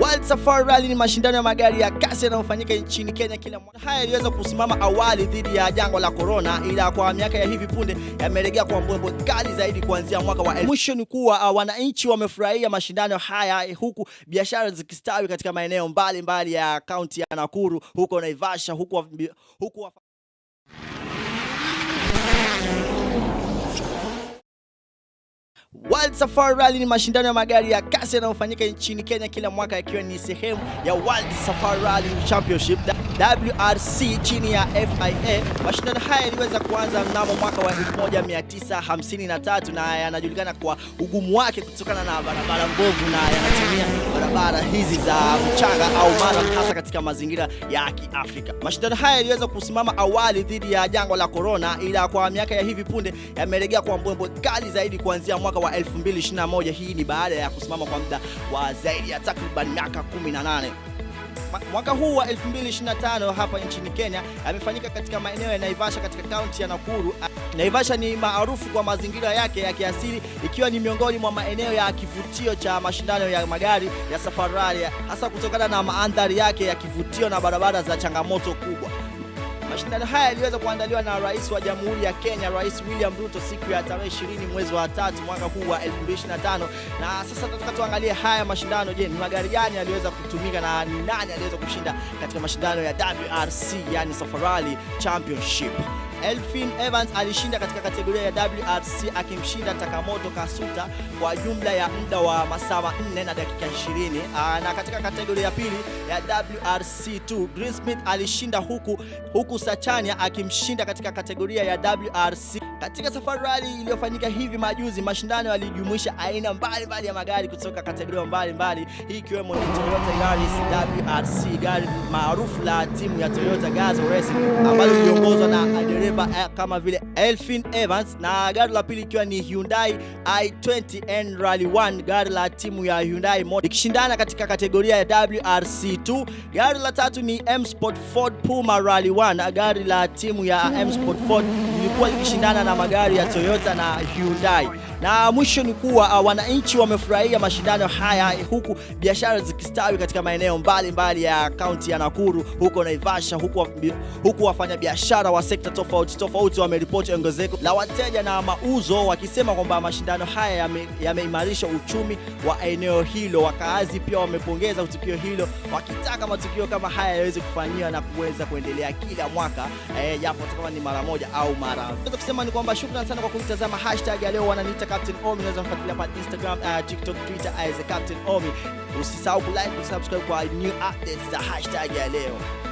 World Safari Rally ni mashindano ya magari ya kasi yanayofanyika nchini Kenya kila mwaka. Haya yaliweza kusimama awali dhidi ya jangwa la corona, ila kwa miaka ya hivi punde yameregea kwa mbwembwe kali zaidi kuanzia mwaka wa mwisho. Ni kuwa uh, wananchi wamefurahia mashindano haya, eh, huku biashara zikistawi katika maeneo mbalimbali ya kaunti ya Nakuru, huko Naivasha, huko, huku Safari Rally ni mashindano ya magari ya kasi yanayofanyika nchini Kenya kila mwaka yakiwa ni sehemu ya World Safari Rally Championship WRC chini ya FIA. Mashindano haya yaliweza kuanza mnamo mwaka wa 1953 na yanajulikana kwa ugumu wake kutokana na barabara mbovu na yanatumia barabara hizi za mchanga au mara hasa katika mazingira ya Kiafrika. Mashindano haya yaliweza kusimama awali dhidi ya jangwa la corona, ila kwa miaka ya hivi punde yamelegea kwa mbwembwe kali zaidi kuanzia mwaka wa 2021. Hii ni baada ya kusimama kwa muda wa zaidi ya takriban miaka 18. Mwaka huu wa 2025 hapa nchini Kenya yamefanyika katika maeneo ya Naivasha katika kaunti ya Nakuru. Naivasha ni maarufu kwa mazingira yake ya kiasili ikiwa ni miongoni mwa maeneo ya kivutio cha mashindano ya magari ya Safari Rally hasa kutokana na mandhari yake ya kivutio na barabara za changamoto kubwa. Mashindano haya yaliweza kuandaliwa na Rais wa Jamhuri ya Kenya, Rais William Ruto siku ya tarehe 20 mwezi wa tatu mwaka huu wa 2025. Na sasa tunataka tuangalie haya mashindano. Je, ni magari gani yaliweza kutumika na ni nani aliweza kushinda katika mashindano ya WRC, yani Safarali Championship? Elfin Evans alishinda katika kategoria ya WRC akimshinda Takamoto Kasuta kwa jumla ya muda wa masaa 4 na dakika 20, ah, na katika kategoria ya pili ya WRC2 Smith alishinda huku, huku Sachania akimshinda katika kategoria ya WRC. Katika safari rally iliyofanyika hivi majuzi, mashindano yalijumuisha aina mbalimbali ya magari kutoka kategoria mbalimbali, hii ikiwemo ni Toyota Yaris WRC, gari maarufu la timu ya Toyota Gazoo Racing ambalo liliongozwa na kama, kama vile Elfin Evans na gari la pili ikiwa ni Hyundai i20N Rally 1, gari la timu ya Hyundai Motor ikishindana katika kategoria ya WRC2. Gari la tatu ni M Sport Ford Puma Rally 1, gari la timu ya M Sport Ford lilikuwa likishindana na magari ya Toyota na Hyundai. Na mwisho ni kuwa uh, wananchi wamefurahia mashindano haya eh, huku biashara zikistawi katika maeneo mbalimbali ya kaunti ya Nakuru huko Naivasha, huku, huku wafanyabiashara wa sekta tofauti tofauti wameripoti ongezeko la wateja na mauzo, wakisema kwamba mashindano haya yameimarisha yame uchumi wa eneo hilo. Wakaazi pia wamepongeza tukio hilo, wakitaka matukio kama haya yaweze kufanyiwa na kuweza kuendelea kila mwaka eh, japo kama ni mara moja au mara. kusema ni kwamba shukrani sana kwa kunitazama hashtag ya leo wananiita Captain omi unaweza kufuatilia pale Instagram, uh, TikTok, Twitter as Captain omi Usisahau kulike, kusubscribe kwa new updates za hashtag ya leo.